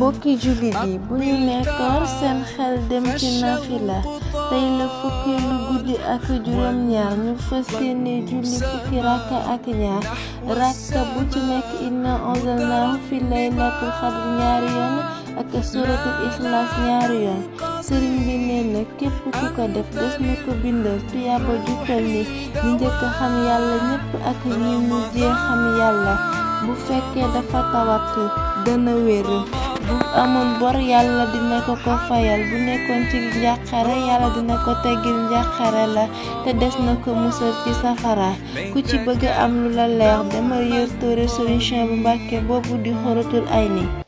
mbokki jullit yi bu ñu nekkoor seen xel dem ci nafila tey la fukkeelu guddi ak juróom ñaar ñu fas yéene julli fukki rakka ak ñaar rakka bu ci nekk inna anzalnaahu fi laylatul xadr ñaar yoon ak suratul ixlaas ñaari yoon sëriñ bi nee na képp ku ko def des na ko bindal tuyaaba jukkal ni ñi njëkk xam yàlla ñépp ak ñi mujjee xam yàlla bu fekkee dafa tawat dana wér bu amoon bor yàlla dina ko ko fayal bu nekkoon ci njàqare yàlla dina ko teggil njàqare la te des na ko musal ci safara ku ci bëgg am lu la leer demal Yoor Touré solution bu Mbàkke boobu di xoratul ay ni